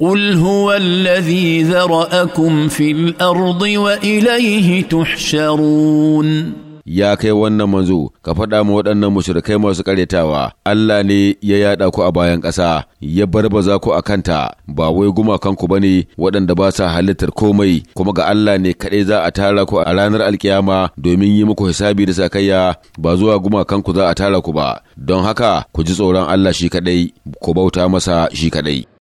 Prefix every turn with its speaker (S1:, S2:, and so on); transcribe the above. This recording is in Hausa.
S1: قل هو الذي ذرأكم في الأرض وإليه تحشرون
S2: ya kai wannan manzo ka faɗa ma waɗannan mushrikai masu karyatawa. Allah ne ya yaɗa ku a bayan ƙasa ya bar barbaza ku a kanta ba wai gumakanku ba ne waɗanda ba sa halittar komai kuma ga Allah ne kaɗai za a tara ku a ranar alkiyama domin yi muku hisabi da sakayya ba zuwa gumakanku za a tara ku ba don haka ku ji tsoron Allah shi kaɗai ku bauta masa shi kaɗai